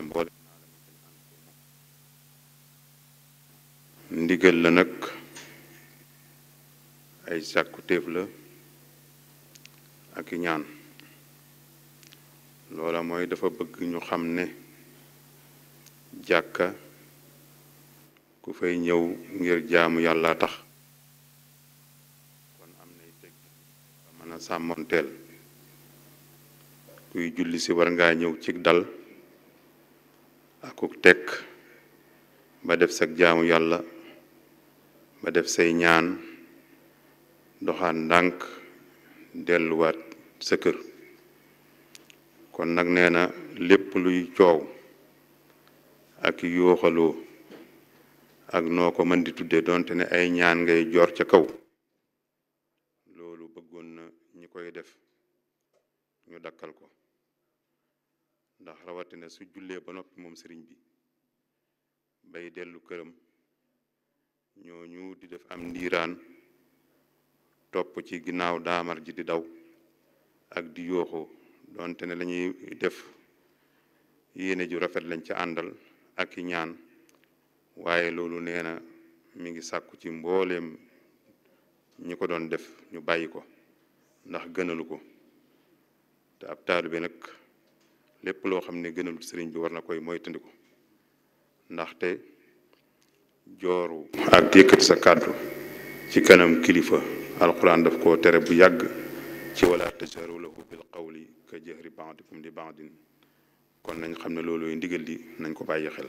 fàtte mboole ndigal la nag ay sàkku la ak ñaan loola mooy dafa bëgg ñu xam ne jàkka ku fay ñëw ngir jaamu yàlla tax kon am nay teg mën a sàmmonteel kuy julli si war ngaa ñëw ci dal akuk tek ba def sag jaamu yàlla ba def say ñaan doxaan ndànk delluwaat sa kër kon nag nee na lépp luy coow ak yooxaloo ak noo ko mën di tudde donte ne ay ñaan ngay joor ca kaw loolu bëggoon na ñi koy def ñu dakkal ko ndax rawatina su jullee ba noppi moom sëriñ bi bay dellu këram ñoo ñu di def am ndiiraan topp ci ginnaaw daamar ji di daw ak di yoxo donte ne lañuy def yéene ju rafet lañ ci àndal ak i ñaan waaye loolu nee na mi ngi sàkku ci mbooleem ñi ko doon def ñu bàyyi ko ndax gënalu ko te ab taalibe nag lépp loo xam ne gënal sëriñ bi war na koy moytandiku ndaxte jooru ak yëkkati sa kàddu ci kanam kilifa alquran daf ko tere bu yàgg ci wala tajharu lahu bil qawli ka jahri ba'dikum li ba'din kon nañ xam ne looluy ndigal li nañ ko bàyyi xel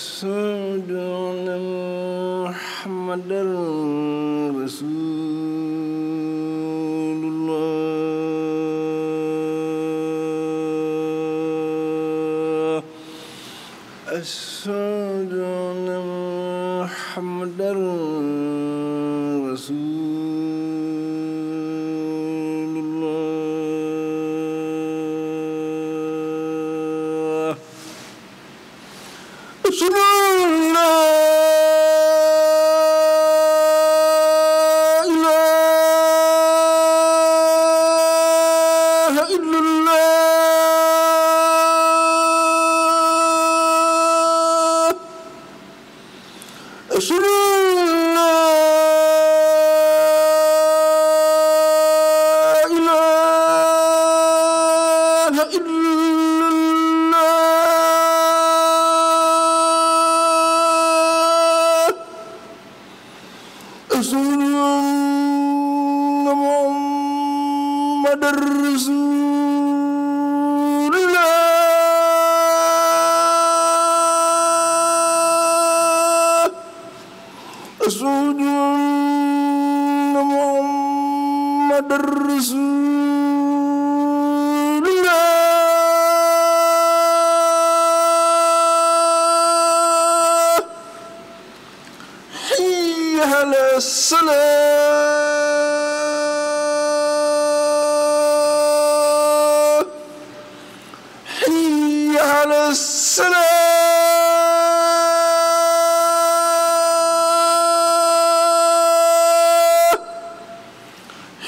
صدقنا محمد sunu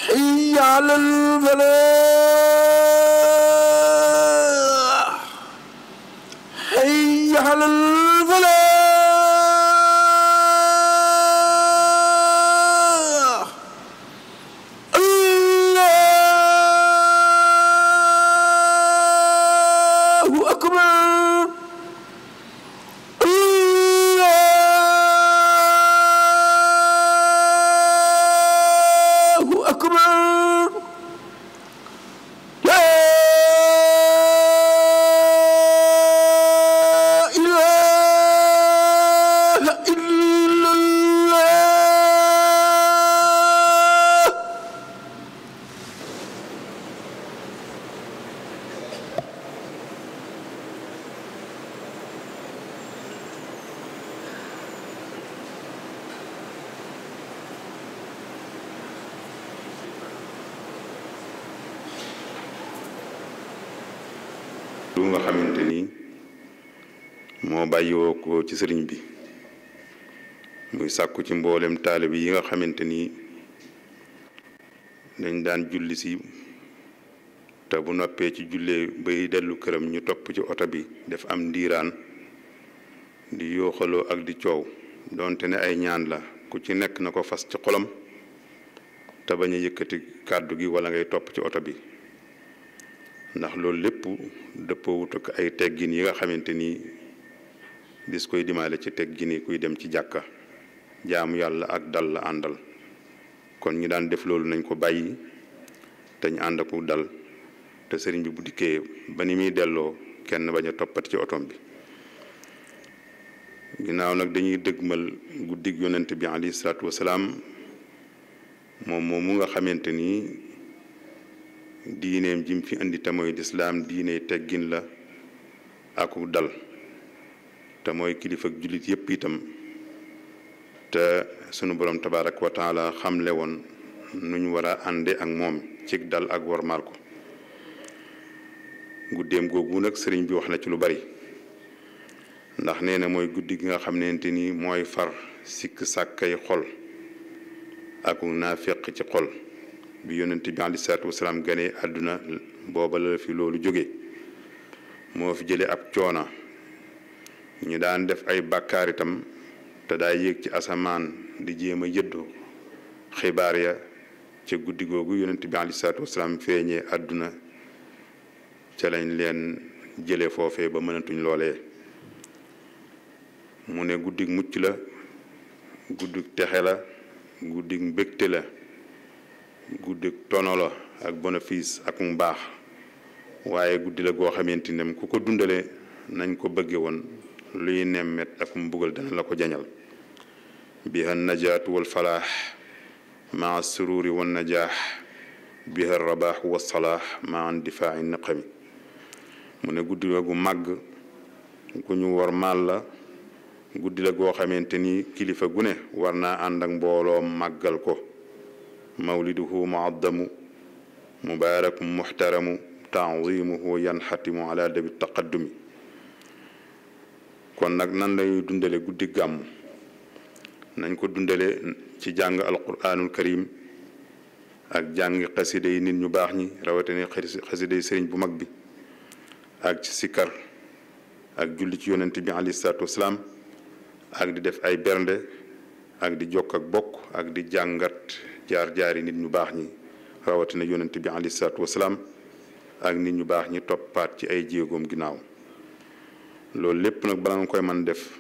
حي على البلاد googu nga xamante moo bàyyiwoo ko ci sëriñ bi muy sàkku ci mboolem taalibe yi nga xamante ni dañ daan julli si te bu noppee ci jullee bay dellu këram ñu topp ci oto bi def am ndiiraan di yooxaloo ak di coow donte ne ay ñaan la ku ci nekk na ko fas ci xolam te bañ a yëkkati kàddu gi wala ngay topp ci oto bi ndax loolu lépp dëppoowut ak ay teggin yi nga xamante ni dis koy dimaale ci teggin yi kuy dem ci jàkka jaamu yàlla ak dal la àndal kon ñi daan def loolu nañ ko bàyyi te ñu ànd aku dal te sëriñ bi bu dikkee ba ni muy delloo kenn bañ a toppati ci otom bi ginnaaw nag dañuy dëgmal guddig yonent bi alayhi salaatu wasalaam moom moom mu nga xamante ni diineem jim fi indi te mooy lislaam diine teggin la aku dal te mooy kilifa ak jullit yépp itam te sunu boroom tabarak wa taala xamle woon nu ñu war a ànde ak moom ci dal ak wormaal ko guddeem googu nag sëriñ bi wax na ci lu bari ndax nee na mooy guddi gi nga xam nente ni mooy far sikk sàkkay xol aku naafiq ci xol bi yonent bi aleyhi salaatu wasalaam àdduna booba la fi loolu jóge moo fi jële ab coona ñu daan def ay bàkkaar itam te daa yéeg ci asamaan di jéem a yëddu xibaar ya ca guddi googu yonent bi aleyhi salaatu wasalaam feeñee àdduna ca lañ leen jële foofee ba mënatuñ loolee mu ne guddik mucc la guddik texe la guddik mbégte la guddi tono la ak bénéfice ak mbaax waaye guddi la goo xamante ne ku ko dundale nañ ko bëgge woon luy nemmet ak mbugal dana la ko jañal biha najaatu wal falaax maa sururi wan najaax biha rabaax wa salaax mu ne guddi la gu màgg ku ñu war maal la guddi la goo xamante ni kilifa gu ne war naa ànd ak mbooloom màggal ko mawliduhu muaddamu mubaaraku muxtaramu tanzimuhu yanxatimu ala dabi taqaddumi kon nag nan lañuy dundale guddi gàmm nañ ko dundale ci jàng alquranul karim ak jàng xasida nit ñu baax ñi rawatina xasida sëriñ bu mag bi ak ci sikkar ak julli ci yonent bi alayhi salaatu wasalaam ak di def ay bernde ak di jokk ak bokk ak di jàngat jaar-jaari nit ñu baax ñi rawatina yonent bi alayhi salaatu wasalaam ak nit ñu baax ñi toppaat ci ay jéegoom ginnaaw loolu lépp nag bala nga koy mën def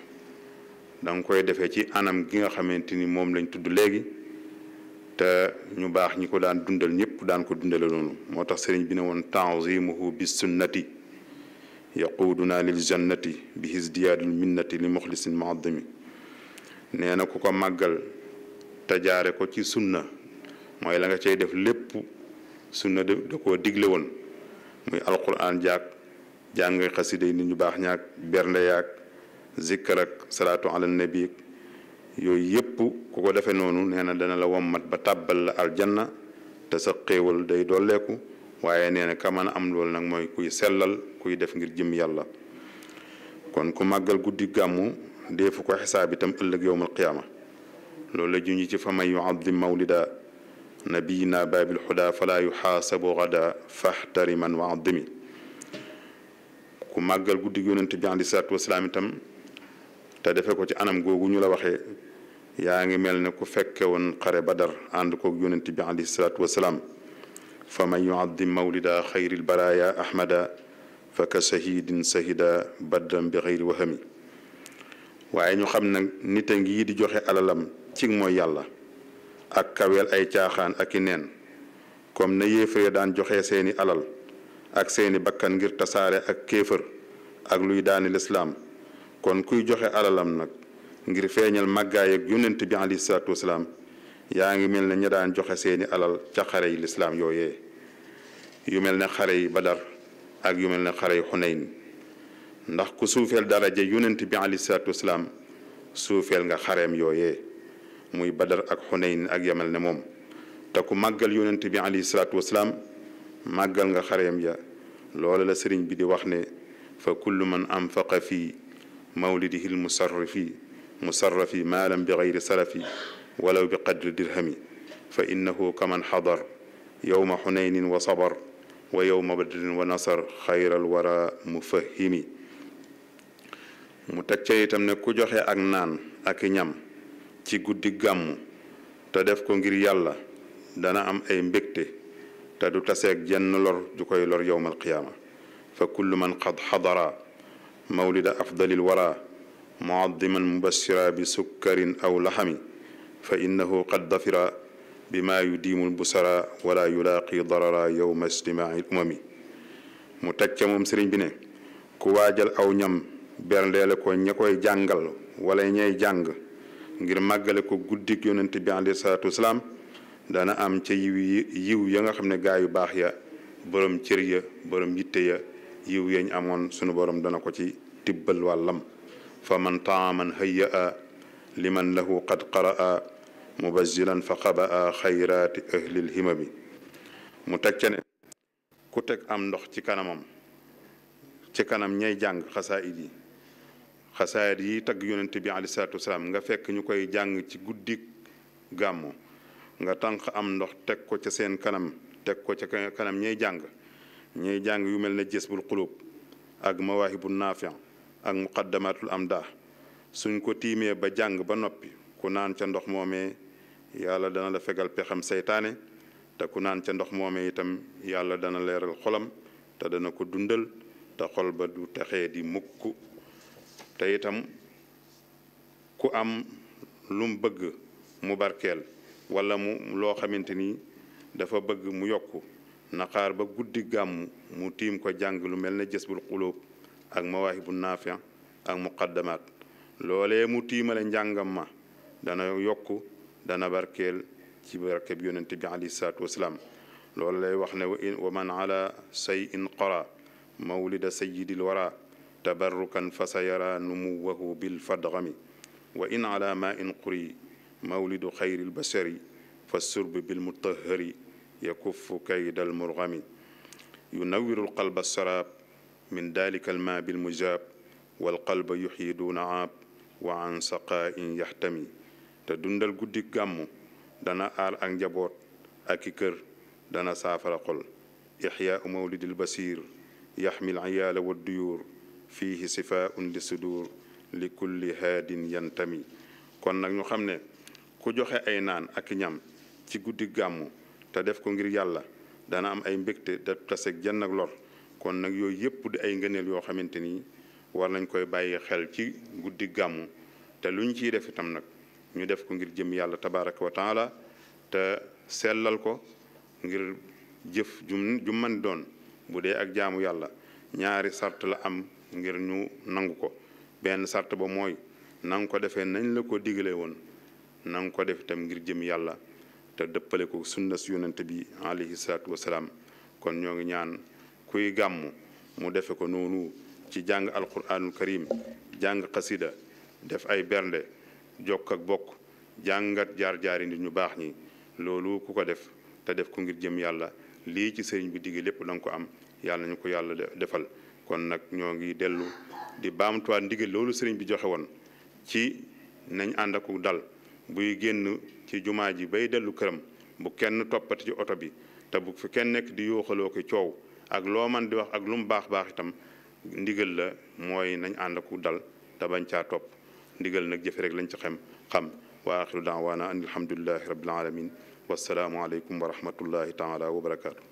da koy defee ci anam gi nga xamante ni moom lañ tudd léegi te ñu baax ñi ko daan dundal ñëpp daan ko dundale noonu moo tax sëriñ bi ne woon tanzimuhu bi sunnati yaquuduna lil jannati bi hisdiyaadul minnati li muxlisin muaddimi nee na ko ko màggal te jaare ko ci sunna mooy la nga cay def lépp sunna da koo digle woon muy alquran jaag jàng xasida yi nit ñu baax ñaak bernde yaag zikkar ak salaatu ala nabi yooyu yépp ku ko defee noonu nee na dana la mat ba tàbbal la aljanna te sa xéewal day dolleeku waaye nee na ka mën am lool nag mooy kuy sellal kuy def ngir jëm yàlla kon ku màggal guddi gàmmu deefu ko xisaab itam ëllëg yowmal qiyaama loolu la junj ci fa man yuazim mawlida nabiyina baabil xuda falaa yuxaasabu gada faxtariman wa addimi ku màggal guddi yonent bi aleyhi salaatu wasalaam itam te defe ko ci anam googu ñu la waxee yaa ngi mel ne ku fekke woon xare badar ànd koog yonent bi aleyhi salaatu wasalaam fa man yuaddim mawlida xayril baraaya ahmada fa ka shahidin shahida badran bi xayri wahami waaye ñu xam nag nit a ngi di joxe alalam ci mooy yàlla ak kaweel ay caaxaan ak i neen comme na yéefare daan joxe seeni alal ak seeni bakkan ngir tasaare ak kéefër ak luy daani lislaam kon kuy joxe alalam nag ngir feeñal màggaay ak yonent bi alayhi salaatu wasalaam yaa ngi mel ne ña daan joxe seeni alal ca xare yi lislaam yooyee yu mel ne xare yi badar ak yu mel ne xare yi xunayn ndax ku suufeel daraja yunenti bi alayhi salaam wasalaam suufeel nga xareem yooye muy badar ak xuneyn ak yamel ne moom te ku màggal yonent bi alayhi salaatu màggal nga xareem ya loola la sëriñ bi di wax ne fa kullu man anfaqa fi mawlidihi lmusarrifi musarrafi maalan bi gayri salafi walaw bi qadri dirhami fa innahu kaman xadar yowma xunaynin wa sabar wa yowma badrin wa nasar xayral wara mufahimi mu teg ca itam ne ku joxe ak naan ak ñam ci guddi gàmmu te def ko ngir yàlla dana am ay mbégte te du taseeg jenn lor du koy lor yowmal qiyaama fa kullu man qad xadara mawlida afdalil wara muaddiman mubashira bi sukkarin aw laxami fa innahu qad dafira bima yudiimu lbusara wala yulaaqi darara yowma ijtimaai lumami mu teg ca moom sëriñ bi ne ku waajal aw ñam berndeele ko ña koy jàngal wala ñay jàng ngir màggale ko guddik yonent bi alayhi salaam dana am ca yiw yiw ya nga xam ne gaa yu baax ya borom cër ya borom yitte ya yiw yañ amoon sunu borom dana ko ci tibbal wàllam fa man taaman hayya a liman lahu qad qaraa mubazilan fa xaba a xayraati ahlil himami mu teg ca ne ku teg am ndox ci kanamam ci kanam ñay jàng xasaa it xasaayit yi tagg yonent bi aleyhi salaatu wasalaam nga fekk ñu koy jàng ci guddi gàmmu nga tànq am ndox teg ko ca seen kanam teg ko ca kanam ñay jàng ñay jàng yu mel ne jësbul xulub ak mawaahibu naafian ak am daa suñ ko tiimee ba jàng ba noppi ku naan ca ndox moomee yàlla dana la fegal pexam seytaane te ku naan ca ndox moomee itam yàlla dana leeral xolam te dana ko dundal te xol ba du texee di mukk te itam ku am lu mu bëgg mu barkeel wala mu loo xamante ni dafa bëgg mu yokk na xaar ba guddi gàmm mu tiim ko jàng lu mel ne jës bul ak mawaahibu naafi' ak muqaddamaat loolee mu tiimale njàngam ma dana yokk dana barkeel ci barkeb yonente bi alayhi salaatu wasalaam loolu lay wax ne wa man ala say in qara mawlida sayidil wara tabarrukan fa sa yara numuwahu bilfadgami wa in ala ma in quri mawlidu xayri lbashari fa surb bilmutahari yakuffu kayda almurgami yunawiru lqalba alsaraab min dalika alma bilmujaab walqalba yuxyi duuna aab wa an saqaain yaxtami te dundal guddi gàmmu dana aar ak njaboot ak i kër dana saafara xol ixyaau mawlidil basiir yaxmil iyaala wa duyuur fi fiihi sifaun li sudur li kulli haadin yantami kon nag ñu xam ne ku joxe ay naan ak ñam ci guddi gàmmu te def ko ngir yàlla dana am ay mbégte da taseeg jën ak lor kon nag yooyu yëpp di ay ngëneel yoo xamante ni war lañ koy bàyyi xel ci guddi gàmmu te luñ ci ciy def itam nag ñu def ko ngir jëm yàlla tabaraka wa taala te sellal ko ngir jëf jum ju doon bu dee ak jaamu yàlla ñaari sart la am ngir ñu nangu ko benn sart ba mooy na ko defee nañ la ko digle woon na ko def itam ngir jëm yàlla te dëppale ko sunna si yonent bi alayhi salaatu wasalaam kon ñoo ngi ñaan kuy gàmm mu defee ko noonu ci jàng alquranul karim jàng xasida def ay bernde jokk ak bokk jàngat jaar-jaari nit ñu baax ñi loolu ku ko def te def ko ngir jëm yàlla lii ci sëriñ bi digg lépp da nga ko am yàlla nañu ko yàlla defal kon nag ñoo ngi dellu di baamtuwaat ndigal loolu sëriñ bi joxe woon ci nañ ànd ak dal buy génn ci jumaa ji bay dellu këram bu kenn toppati ci oto bi te bu fi kenn nekk di yooxaloo ko coow ak loo man di wax ak lu mu baax baax itam ndigal la mooy nañ ànd ak dal te bañ caa topp ndigal nag jëfe rek lañ ci xam xam wa axiru daawaana an alhamdulilahi rabbil alamin wassalaamu aleykum wa rahmatullahi taala wa barakaatu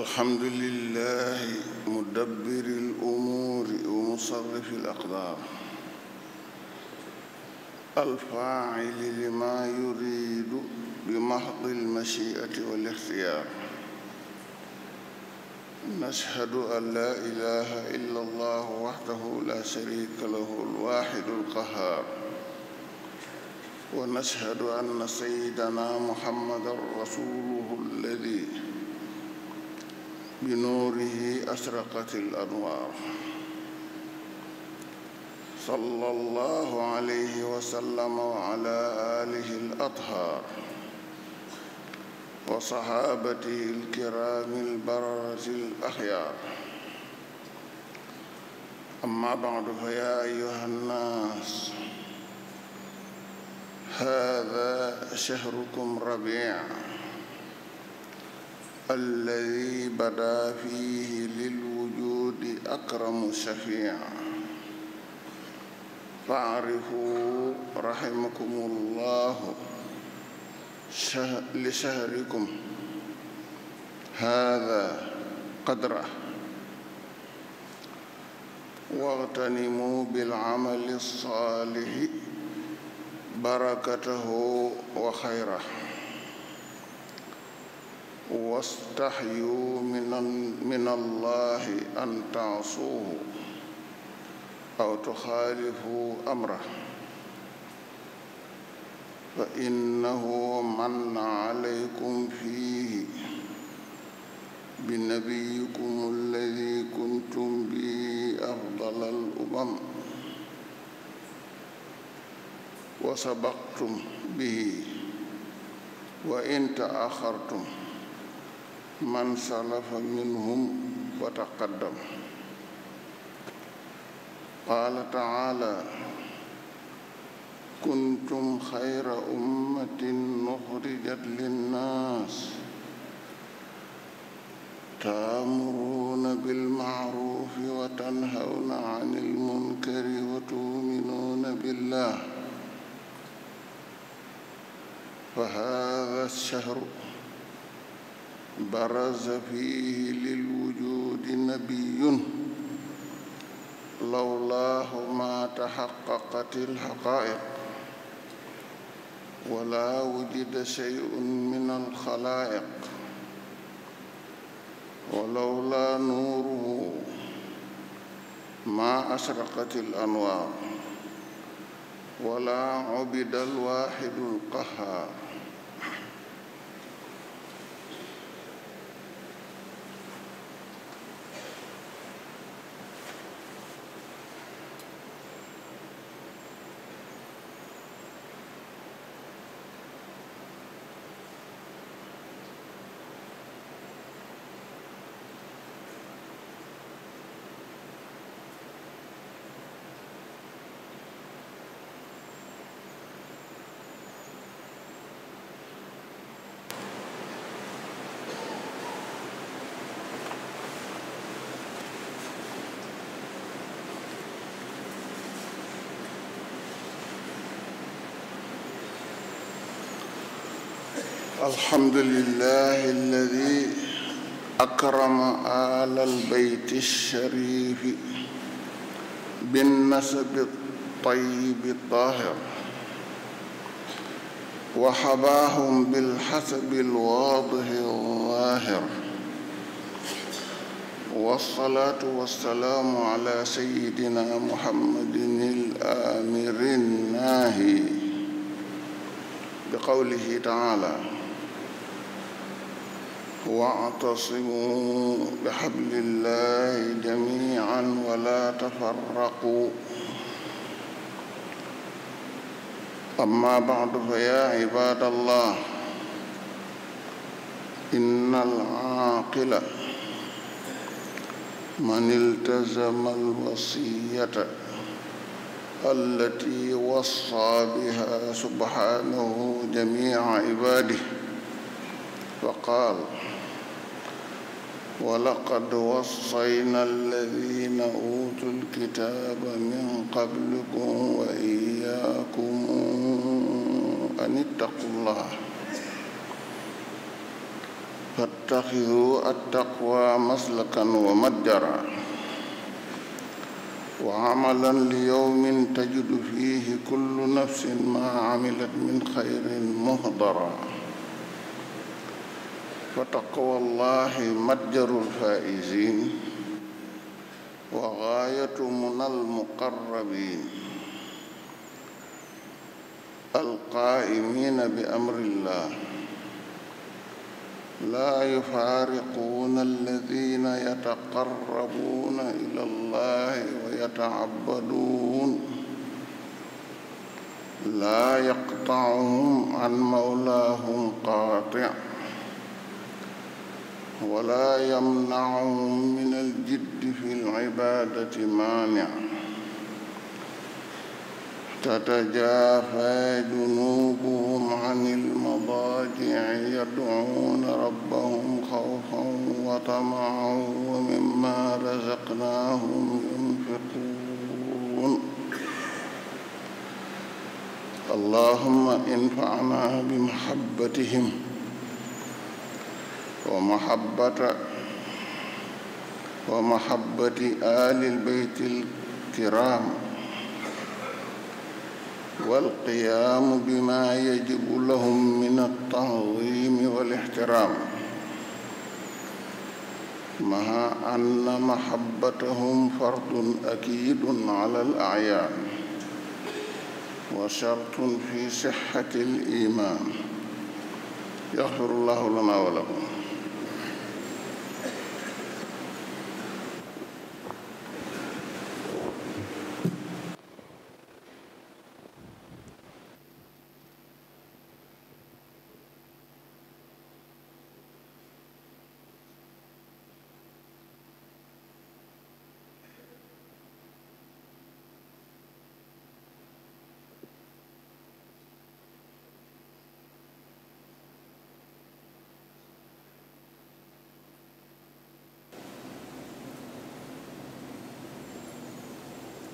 الحمد لله مدبر الأمور ومصرف الأقدار الفاعل لما يريد بمحض المشيئة والاختيار نشهد أن لا إله إلا الله وحده لا شريك له الواحد القهار ونشهد أن سيدنا محمد رسوله بنوره أشرقت الأنوار صلى الله عليه وسلم وعلى آله الأطهار وصحابته الكرام البررة الأخيار أما بعد فيا أيها الناس هذا شهركم ربيع الذي بدا فيه للوجود أكرم الشفيع فاعرفوا رحمكم الله شه... لشهركم هذا قدره واغتنموا بالعمل الصالح بركته وخيره wastaxyu min allahi an taasuuhu aw tuxaalifu amra fa innahu man calaykum fiihi binabiyikum alladi kuntum bihi afdala al umam wa sabaqtum bihi wa in taaxartum man salafa minhum wa taqaddam qaala taala kuntum xayra ummatin uxrijat linnaas taamuruuna bilmacruufi wa tanhawna can ilmunkari wa tuuminuuna billah fa haada alchahru برز فيه للوجود نبي لولاه ما تحققت الحقائق ولا وجد شيء من الخلائق ولولا نوره ما أشرقت الأنوار ولا عبد الواحد القهار الحمد لله الذي أكرم آل البيت الشريف بالنسب الطيب الطاهر وحباهم بالحسب الواضح الظاهر والصلاة والسلام على سيدنا محمد الآمر الناهي بقوله تعالى واعتصموا بحبل الله جميعا ولا تفرقوا أما بعد فيا عباد الله إن العاقل من التزم الوصية التي وصى بها سبحانه جميع عباده فقال ولقد وصينا الذين أوتوا الكتاب من قبلكم وإياكم أن اتقوا الله فاتخذوا التقوى مسلكا ومتجرا وعملا ليوم تجد فيه كل نفس ما عملت من خير مهضرا وتقوى الله متجر الفائزين وغاية من المقربين القائمين بأمر الله لا يفارقون الذين يتقربون إلى الله ويتعبدون لا يقطعهم عن مولاهم قاطع ولا يمنعهم من الجد في العبادة مانع تتجافى جنوبهم عن المضاجع يدعون ربهم خوفا وطمعا ومما رزقناهم ينفقون اللهم انفعنا بمحبتهم ومحبة ومحبة آل البيت الكرام والقيام بما يجب لهم من التعظيم والاحترام مع أن محبتهم فرض أكيد على الأعيان وشرط في صحة الإيمان يغفر الله لنا ولكم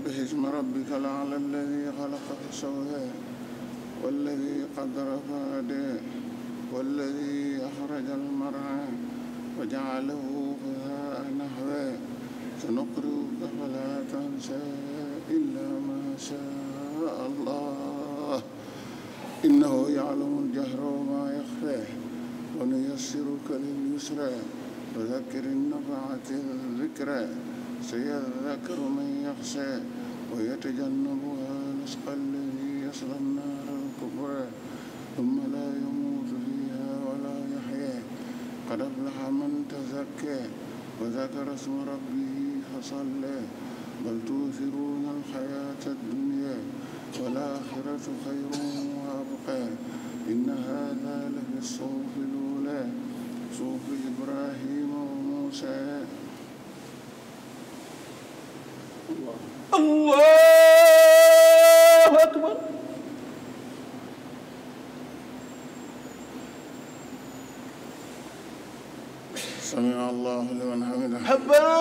سبح اسم ربك الأعلى الذي خلق فسوى والذي قدر فهدى والذي أخرج المرعى وجعله غثاء نحوه سنقرئك فلا تنسى إلا ما شاء الله إنه يعلم الجهر وما يخفى ونيسرك لليسرى وذكر النفعة الذكرى سيذكر من يخشى ويتجنبها الأشقى الذي يصلى النار الكبرى ثم لا يموت فيها ولا يحيا قد أفلح من تزكى وذكر اسم ربه فصلى بل تؤثرون الحياة الدنيا والآخرة خير وأبقى إن هذا لفي الصوف الأولى صوف إبراهيم وموسى allahu akbar sami allahu liman hamidah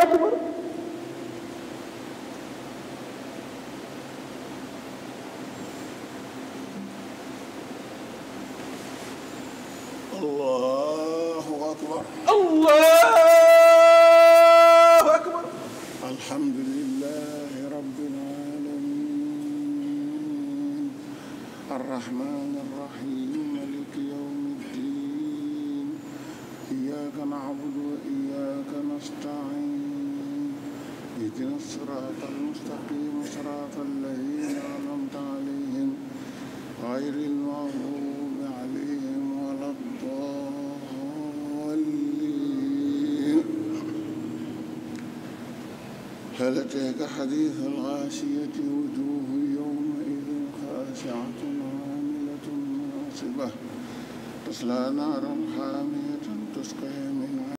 salaamaaleykum